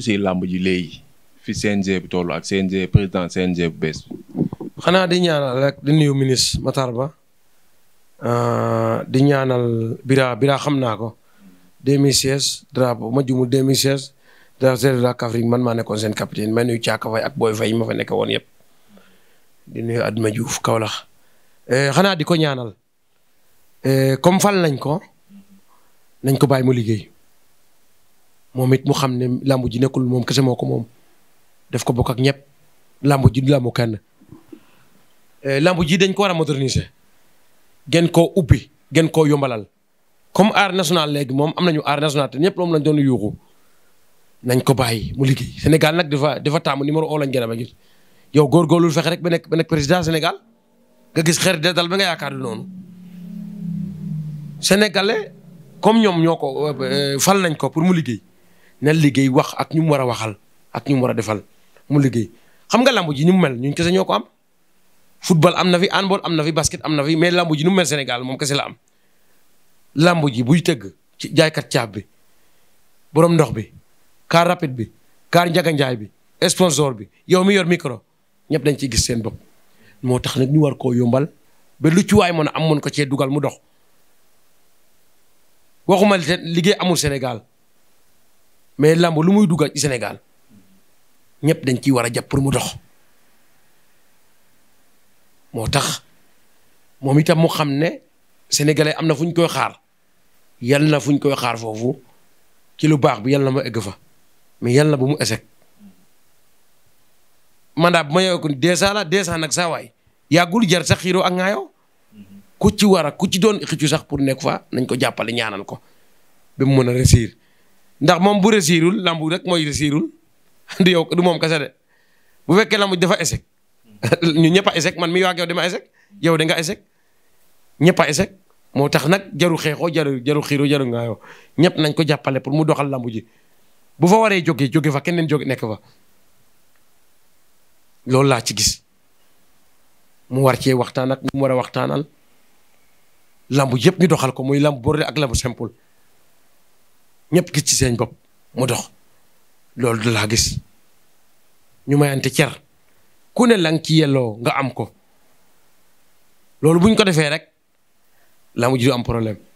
si làmb ji léegi fi CNG bi toll ak CNG président CNG bu bees. xanaa di ñaanal rek di nuyu ministre Matar Ba euh, di ñaanal Bira Bira xam naa ko 2016 drapeau ma jumul 2016 drapeau de la Kaffrine man maa nekkoon seen capitaine ma nuyu Caaka Fay ak Boy Fay ma fa nekk woon yëpp di nuyu Adma Diouf Kaolack euh, xanaa di ko ñaanal euh, comme fal nañ ko nañ ko bàyyi mu liggéey. moom it mu xam ne làmb ji nekkul moom kese moo ko moom def ko bokk ak ñëpp làmb ji du làmbu kenn. Eh, làmb ji dañ ko war a moderniser. gën koo ubbi gën koo yombalal comme art national léegi moom am nañu art national te ñëpp moom lañ doon yuuxu nañ ko bàyyi mu liggéey Sénégal nag dafa dafa taamu numéro oo lañ gën a bëgg yow góorgóorlu fexe rek ba nekk ba nekk président Sénégal nga gis xeer de dal ba nga yaakaar du noonu sénégalais comme ñoom ñoo ko euh, fal nañ ko pour mu liggéey. na liggéey wax ak ñu mu war a waxal ak ñu mu war a defal mu liggéey xam nga lamb ji ni mu mel ñun kese ñoo ko am football am na fi handball am na fi basket am na fi mais lamb ji ni mu mel Sénégal moom kese la am lamb ji buy tëgg ci jaaykat caab bi borom ndox bi car rapide bi car njaganjaay bi sponsor bi yow mi yor micro ñëpp dañ ciy gis seen bopp moo tax nag ñu war koo yombal ba lu ci waay mën a am mën ko cee dugal mu dox waxuma liggéey amul Sénégal mais làmb lu muy duggaat ci Sénégal ñëpp dañ ciy war a jàpp pour mu dox moo tax moom itam mu xam ne sénégalais am na fu ñu koy xaar yal na fu ñu koy xaar foofu ci lu baax bi yal na ma egg fa mais yal na bu mu échec mandat bu ma yeeku dèjà la dèjà nag saawaay waay yàggul jar sax xiiroo ak ŋaayoo ku ci war a ku ci doon xëccu sax pour nekk fa nañ ko jàppale ñaanal ko ba mu mën a ndax moom bu réussirul lambu rek mooy réussirul du yow du moom kasa de bu fekkee lambu dafa échec ñu ñëpp a man mi wax ak yow yow da nga échec ñëpp a moo tax nag jaru xeexoo jaru jaru xiiroo jaru ngaayoo ñëpp nañ ko jàppale pour mu doxal lambu ji bu fa waree jógee jóge fa keneen jóge nekk fa loolu laa ci gis mu war cee waxtaan ak mu war a waxtaanal lambu yëpp ñu doxal ko muy lambu boole ak lambu simple. ñëpp gis ci seen bopp mu dox loolu du laa gis ñu mayante cer ku ne lan ci yelloo nga am ko loolu buñ ko defee rek laa mujj du am problème